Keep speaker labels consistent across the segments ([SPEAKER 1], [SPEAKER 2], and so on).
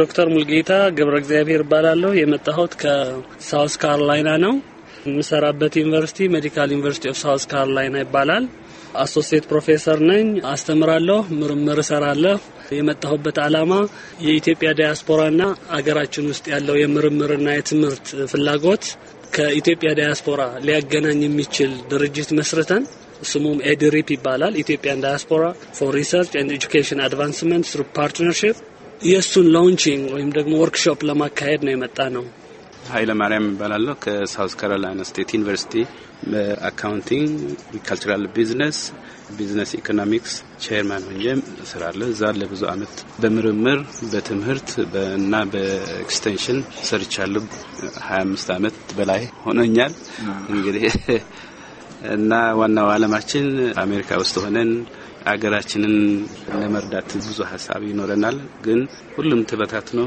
[SPEAKER 1] ዶክተር ሙልጌታ ገብረ እግዚአብሔር እባላለሁ። የመጣሁት ከሳውስ ካሮላይና ነው። የምሰራበት ዩኒቨርሲቲ ሜዲካል ዩኒቨርሲቲ ኦፍ ሳውስ ካሮላይና ይባላል። አሶሲየት ፕሮፌሰር ነኝ። አስተምራለሁ፣ ምርምር እሰራለሁ። የመጣሁበት ዓላማ የኢትዮጵያ ዲያስፖራና አገራችን ውስጥ ያለው የምርምርና የትምህርት ፍላጎት ከኢትዮጵያ ዲያስፖራ ሊያገናኝ የሚችል ድርጅት መስርተን ስሙም ኤድሪፕ ይባላል። ኢትዮጵያን ዳያስፖራ ፎር ሪሰርች ኤንድ ኤጁኬሽን አድቫንስመንት ፓርትነርሽፕ የእሱን ላውንቺንግ ወይም ደግሞ ወርክሾፕ ለማካሄድ ነው የመጣ ነው።
[SPEAKER 2] ኃይለ ማርያም ይባላለሁ። ከሳውስ ካሮላይና ስቴት ዩኒቨርሲቲ በአካውንቲንግ ካልቸራል ቢዝነስ ቢዝነስ ኢኮኖሚክስ ቼርማን ሆኜ እሰራለሁ። እዛ ለብዙ አመት በምርምር በትምህርት እና በኤክስቴንሽን ሰርቻለሁ። ሀያ አምስት አመት በላይ ሆኖኛል እንግዲህ እና ዋናው አለማችን አሜሪካ ውስጥ ሆነን አገራችንን ለመርዳት ብዙ ሀሳብ ይኖረናል። ግን ሁሉም ተበታትኖ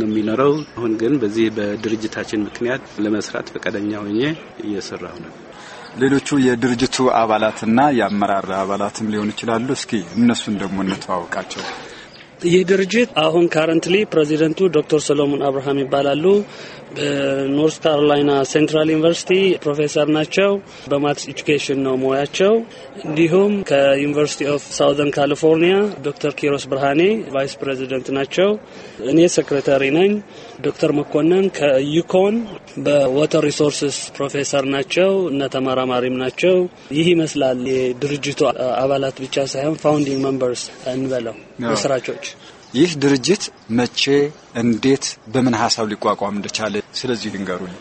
[SPEAKER 2] ነው የሚኖረው። አሁን ግን በዚህ በድርጅታችን ምክንያት ለመስራት ፈቃደኛ ሆኜ
[SPEAKER 3] እየሰራሁ ነው። ሌሎቹ የድርጅቱ አባላትና የአመራር አባላትም ሊሆኑ ይችላሉ። እስኪ እነሱን ደግሞ እንተዋውቃቸው።
[SPEAKER 1] ይህ ድርጅት አሁን ካረንትሊ ፕሬዚደንቱ ዶክተር ሰሎሞን አብርሃም ይባላሉ። በኖርት ካሮላይና ሴንትራል ዩኒቨርሲቲ ፕሮፌሰር ናቸው። በማትስ ኤጁኬሽን ነው ሙያቸው። እንዲሁም ከዩኒቨርሲቲ ኦፍ ሳውዘርን ካሊፎርኒያ ዶክተር ኪሮስ ብርሃኔ ቫይስ ፕሬዚደንት ናቸው። እኔ ሴክሬታሪ ነኝ። ዶክተር መኮንን ከዩኮን በወተር ሪሶርስስ ፕሮፌሰር ናቸው እና ተመራማሪም ናቸው። ይህ ይመስላል የድርጅቱ አባላት ብቻ ሳይሆን ፋውንዲንግ መምበርስ እንበለው መስራቾች
[SPEAKER 3] ይህ ድርጅት መቼ፣ እንዴት፣ በምን ሀሳብ ሊቋቋም እንደቻለ ስለዚህ ይንገሩኝ።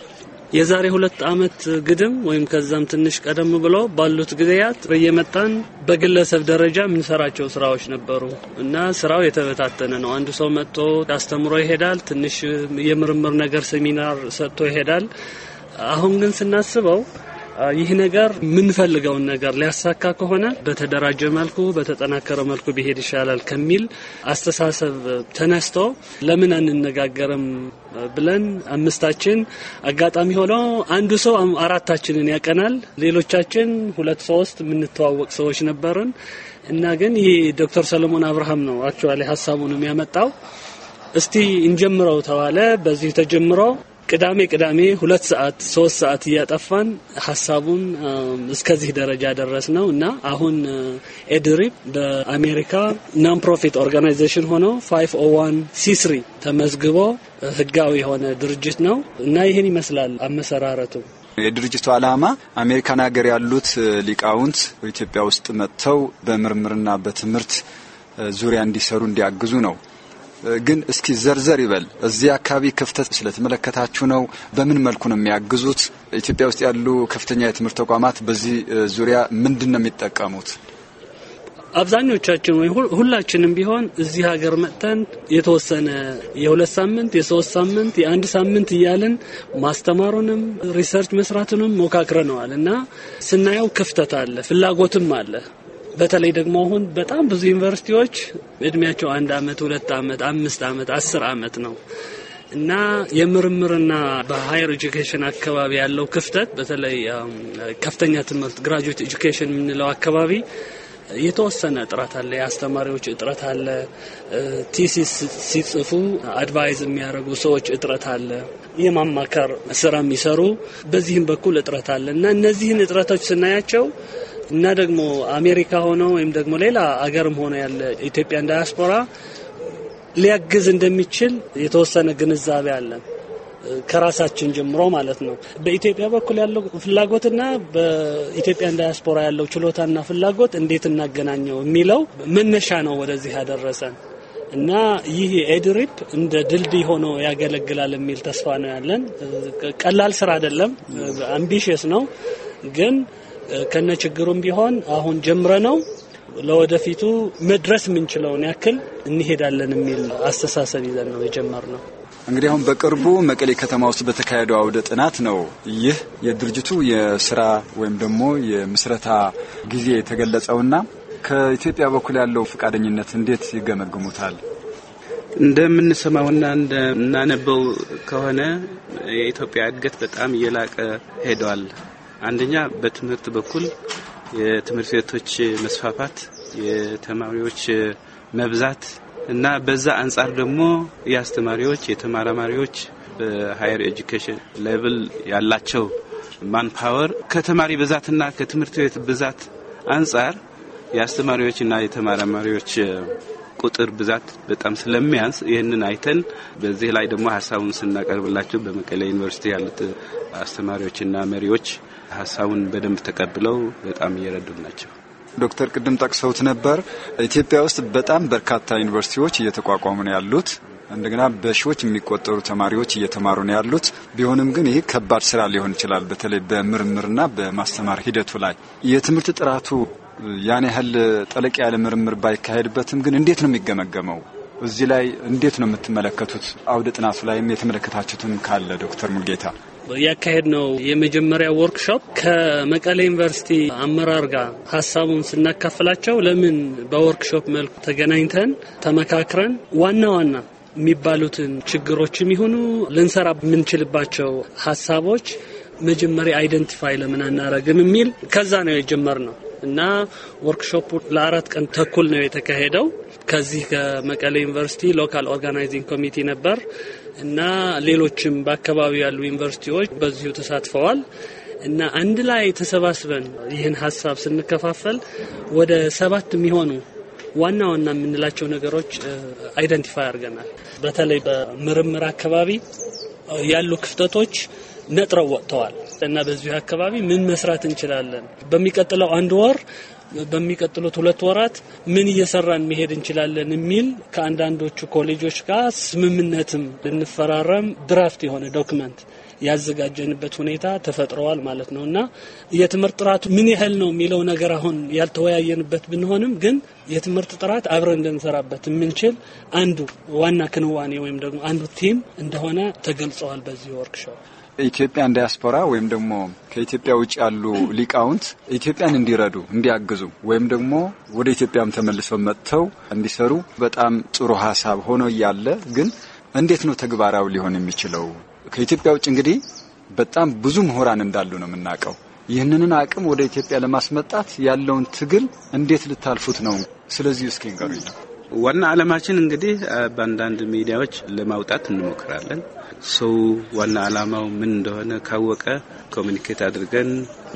[SPEAKER 1] የዛሬ ሁለት ዓመት ግድም ወይም ከዛም ትንሽ ቀደም ብሎ ባሉት ጊዜያት በየመጣን በግለሰብ ደረጃ የምንሰራቸው ስራዎች ነበሩ እና ስራው የተበታተነ ነው። አንዱ ሰው መጥቶ አስተምሮ ይሄዳል። ትንሽ የምርምር ነገር ሴሚናር ሰጥቶ ይሄዳል። አሁን ግን ስናስበው ይህ ነገር የምንፈልገውን ነገር ሊያሳካ ከሆነ በተደራጀ መልኩ በተጠናከረ መልኩ ቢሄድ ይሻላል ከሚል አስተሳሰብ ተነስቶ ለምን አንነጋገርም ብለን አምስታችን አጋጣሚ ሆነው አንዱ ሰው አራታችንን ያቀናል። ሌሎቻችን ሁለት ሶስት የምንተዋወቅ ሰዎች ነበርን እና ግን ይህ ዶክተር ሰለሞን አብርሃም ነው አክቹዋሊ ሀሳቡን የሚያመጣው። እስቲ እንጀምረው ተባለ። በዚህ ተጀምሮ ቅዳሜ ቅዳሜ ሁለት ሰዓት ሶስት ሰዓት እያጠፋን ሀሳቡን እስከዚህ ደረጃ ደረስ ነው እና አሁን ኤድሪፕ በአሜሪካ ናን ፕሮፊት ኦርጋናይዜሽን ሆኖ ፋይቭ ኦ ዋን ሲስሪ ተመዝግቦ ህጋዊ የሆነ ድርጅት ነው እና ይህን ይመስላል አመሰራረቱ።
[SPEAKER 3] የድርጅቱ ዓላማ አሜሪካን ሀገር ያሉት ሊቃውንት በኢትዮጵያ ውስጥ መጥተው በምርምርና በትምህርት ዙሪያ እንዲሰሩ እንዲያግዙ ነው። ግን እስኪ ዘርዘር ይበል። እዚህ አካባቢ ክፍተት ስለተመለከታችሁ ነው? በምን መልኩ ነው የሚያግዙት? ኢትዮጵያ ውስጥ ያሉ ከፍተኛ የትምህርት ተቋማት በዚህ ዙሪያ ምንድን ነው የሚጠቀሙት?
[SPEAKER 1] አብዛኞቻችን ወይ ሁላችንም ቢሆን እዚህ ሀገር መጥተን የተወሰነ የሁለት ሳምንት የሶስት ሳምንት የአንድ ሳምንት እያልን ማስተማሩንም ሪሰርች መስራቱንም ሞካክረነዋል እና ስናየው ክፍተት አለ፣ ፍላጎትም አለ። በተለይ ደግሞ አሁን በጣም ብዙ ዩኒቨርሲቲዎች እድሜያቸው አንድ አመት፣ ሁለት አመት፣ አምስት አመት፣ አስር አመት ነው እና የምርምርና በሃየር ኤጁኬሽን አካባቢ ያለው ክፍተት በተለይ ከፍተኛ ትምህርት ግራጁዌት ኤጁኬሽን የምንለው አካባቢ የተወሰነ እጥረት አለ። የአስተማሪዎች እጥረት አለ። ቲሲስ ሲጽፉ አድቫይዝ የሚያደርጉ ሰዎች እጥረት አለ። የማማከር ስራ የሚሰሩ በዚህም በኩል እጥረት አለ እና እነዚህን እጥረቶች ስናያቸው እና ደግሞ አሜሪካ ሆኖ ወይም ደግሞ ሌላ አገርም ሆኖ ያለ ኢትዮጵያን ዳያስፖራ ሊያግዝ እንደሚችል የተወሰነ ግንዛቤ አለን ከራሳችን ጀምሮ ማለት ነው። በኢትዮጵያ በኩል ያለው ፍላጎትና በኢትዮጵያን ዳያስፖራ ያለው ችሎታና ፍላጎት እንዴት እናገናኘው የሚለው መነሻ ነው ወደዚህ ያደረሰን እና ይህ ኤድሪፕ እንደ ድልድይ ሆኖ ያገለግላል የሚል ተስፋ ነው ያለን። ቀላል ስራ አይደለም፣ አምቢሽየስ ነው ግን ከነ ችግሩም ቢሆን አሁን ጀምረ ነው ለወደፊቱ መድረስ የምንችለውን ያክል እንሄዳለን የሚል አስተሳሰብ ይዘን ነው የጀመርነው።
[SPEAKER 3] እንግዲህ አሁን በቅርቡ መቀሌ ከተማ ውስጥ በተካሄደው አውደ ጥናት ነው ይህ የድርጅቱ የስራ ወይም ደግሞ የምስረታ ጊዜ የተገለጸውና ከኢትዮጵያ በኩል ያለው ፈቃደኝነት እንዴት ይገመግሙታል?
[SPEAKER 2] እንደምንሰማውና እንደምናነበው
[SPEAKER 3] ከሆነ የኢትዮጵያ እድገት በጣም እየላቀ
[SPEAKER 2] ሄደዋል። አንደኛ በትምህርት በኩል የትምህርት ቤቶች መስፋፋት፣ የተማሪዎች መብዛት እና በዛ አንጻር ደግሞ የአስተማሪዎች የተመራማሪዎች በሀየር ኤጁኬሽን ሌቭል ያላቸው ማንፓወር ከተማሪ ብዛትና ከትምህርት ቤት ብዛት አንጻር የአስተማሪዎችና የተመራማሪዎች ቁጥር ብዛት በጣም ስለሚያንስ ይህንን አይተን በዚህ ላይ ደግሞ ሀሳቡን ስናቀርብላቸው በመቀሌ ዩኒቨርሲቲ ያሉት አስተማሪዎችና
[SPEAKER 3] መሪዎች ሀሳቡን በደንብ ተቀብለው በጣም እየረዱን ናቸው። ዶክተር ቅድም ጠቅሰውት ነበር ኢትዮጵያ ውስጥ በጣም በርካታ ዩኒቨርሲቲዎች እየተቋቋሙ ነው ያሉት። እንደገና በሺዎች የሚቆጠሩ ተማሪዎች እየተማሩ ነው ያሉት። ቢሆንም ግን ይህ ከባድ ስራ ሊሆን ይችላል። በተለይ በምርምርና በማስተማር ሂደቱ ላይ የትምህርት ጥራቱ ያን ያህል ጠለቅ ያለ ምርምር ባይካሄድበትም ግን እንዴት ነው የሚገመገመው? እዚህ ላይ እንዴት ነው የምትመለከቱት? አውደ ጥናቱ ላይም የተመለከታችሁትም ካለ ዶክተር ሙልጌታ
[SPEAKER 1] ያካሄድ ነው የመጀመሪያ ወርክሾፕ ከመቀሌ ዩኒቨርሲቲ አመራር ጋር ሀሳቡን ስናካፍላቸው ለምን በወርክሾፕ መልኩ ተገናኝተን ተመካክረን ዋና ዋና የሚባሉትን ችግሮችም ይሁኑ ልንሰራ የምንችልባቸው ሀሳቦች መጀመሪያ አይደንቲፋይ ለምን አናረግም የሚል ከዛ ነው የጀመር ነው። እና ወርክሾፑ ለአራት ቀን ተኩል ነው የተካሄደው። ከዚህ ከመቀሌ ዩኒቨርሲቲ ሎካል ኦርጋናይዚንግ ኮሚቲ ነበር እና ሌሎችም በአካባቢው ያሉ ዩኒቨርሲቲዎች በዚሁ ተሳትፈዋል እና አንድ ላይ ተሰባስበን ይህን ሀሳብ ስንከፋፈል ወደ ሰባት የሚሆኑ ዋና ዋና የምንላቸው ነገሮች አይደንቲፋይ አድርገናል። በተለይ በምርምር አካባቢ ያሉ ክፍተቶች ነጥረው ወጥተዋል እና በዚሁ አካባቢ ምን መስራት እንችላለን፣ በሚቀጥለው አንድ ወር በሚቀጥሉት ሁለት ወራት ምን እየሰራን መሄድ እንችላለን የሚል ከአንዳንዶቹ ኮሌጆች ጋር ስምምነትም ልንፈራረም ድራፍት የሆነ ዶክመንት ያዘጋጀንበት ሁኔታ ተፈጥረዋል ማለት ነው እና የትምህርት ጥራቱ ምን ያህል ነው የሚለው ነገር አሁን ያልተወያየንበት ብንሆንም ግን የትምህርት ጥራት አብረን እንድንሰራበት የምንችል አንዱ ዋና ክንዋኔ ወይም ደግሞ አንዱ ቲም እንደሆነ ተገልጸዋል። በዚህ ወርክሾፕ
[SPEAKER 3] ኢትዮጵያን ዲያስፖራ ወይም ደግሞ ከኢትዮጵያ ውጭ ያሉ ሊቃውንት ኢትዮጵያን እንዲረዱ እንዲያግዙ ወይም ደግሞ ወደ ኢትዮጵያም ተመልሰው መጥተው እንዲሰሩ በጣም ጥሩ ሀሳብ ሆኖ እያለ ግን እንዴት ነው ተግባራዊ ሊሆን የሚችለው? ከኢትዮጵያ ውጭ እንግዲህ በጣም ብዙ ምሁራን እንዳሉ ነው የምናውቀው። ይህንን አቅም ወደ ኢትዮጵያ ለማስመጣት ያለውን ትግል እንዴት ልታልፉት ነው? ስለዚህ እስኪ ንገሩኝ።
[SPEAKER 2] ዋና ዓላማችን እንግዲህ በአንዳንድ ሚዲያዎች ለማውጣት እንሞክራለን። ሰው ዋና ዓላማው ምን እንደሆነ ካወቀ ኮሚኒኬት አድርገን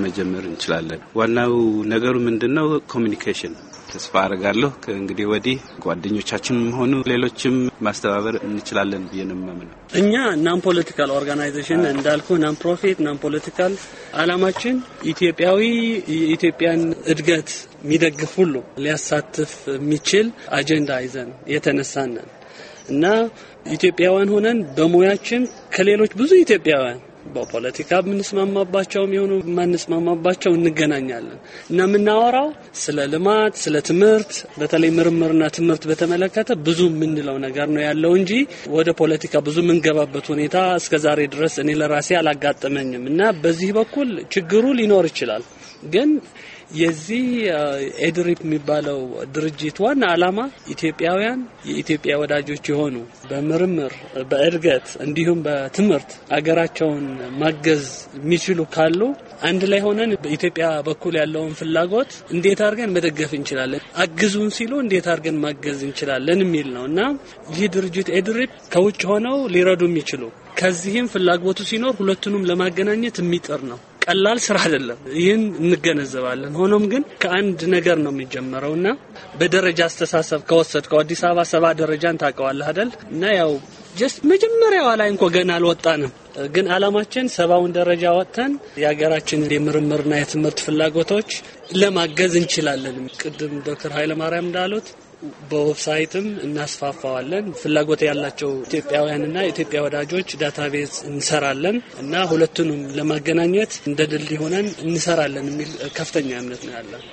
[SPEAKER 2] መጀመር እንችላለን። ዋናው ነገሩ ምንድን ነው? ኮሚኒኬሽን ተስፋ አድርጋለሁ። ከእንግዲህ ወዲህ ጓደኞቻችንም ሆኑ ሌሎችም ማስተባበር እንችላለን ብዬ ነው የማምነው።
[SPEAKER 1] እኛ ናን ፖለቲካል ኦርጋናይዜሽን እንዳልኩ ናን ፕሮፊት ናን ፖለቲካል አላማችን ኢትዮጵያዊ የኢትዮጵያን እድገት የሚደግፍ ሁሉ ሊያሳትፍ የሚችል አጀንዳ ይዘን የተነሳነን እና ኢትዮጵያውያን ሆነን በሙያችን ከሌሎች ብዙ ኢትዮጵያውያን በፖለቲካ የምንስማማባቸውም የሆኑ የማንስማማባቸው እንገናኛለን እና የምናወራው ስለ ልማት፣ ስለ ትምህርት በተለይ ምርምርና ትምህርት በተመለከተ ብዙ የምንለው ነገር ነው ያለው እንጂ ወደ ፖለቲካ ብዙ የምንገባበት ሁኔታ እስከ ዛሬ ድረስ እኔ ለራሴ አላጋጠመኝም እና በዚህ በኩል ችግሩ ሊኖር ይችላል ግን የዚህ ኤድሪፕ የሚባለው ድርጅት ዋና ዓላማ ኢትዮጵያውያን የኢትዮጵያ ወዳጆች የሆኑ በምርምር በእድገት እንዲሁም በትምህርት አገራቸውን ማገዝ የሚችሉ ካሉ አንድ ላይ ሆነን በኢትዮጵያ በኩል ያለውን ፍላጎት እንዴት አድርገን መደገፍ እንችላለን፣ አግዙን ሲሉ እንዴት አድርገን ማገዝ እንችላለን የሚል ነው እና ይህ ድርጅት ኤድሪፕ ከውጭ ሆነው ሊረዱ የሚችሉ ከዚህም ፍላጎቱ ሲኖር ሁለቱንም ለማገናኘት የሚጥር ነው። ቀላል ስራ አይደለም። ይህን እንገነዘባለን። ሆኖም ግን ከአንድ ነገር ነው የሚጀመረው እና በደረጃ አስተሳሰብ ከወሰድከው አዲስ አበባ ሰባ ደረጃን ታውቀዋለህ አይደል? እና ያው ጀስት መጀመሪያዋ ላይ እንኳ ገና አልወጣንም፣ ግን አላማችን ሰባውን ደረጃ ወጥተን የሀገራችንን የምርምርና የትምህርት ፍላጎቶች ለማገዝ እንችላለን። ቅድም ዶክተር ኃይለማርያም እንዳሉት በዌብሳይትም እናስፋፋዋለን። ፍላጎት ያላቸው ኢትዮጵያውያንና ኢትዮጵያ ወዳጆች ዳታቤዝ እንሰራለን እና ሁለቱንም ለማገናኘት እንደ ድልድይ ሆነን እንሰራለን የሚል ከፍተኛ እምነት ነው ያለን።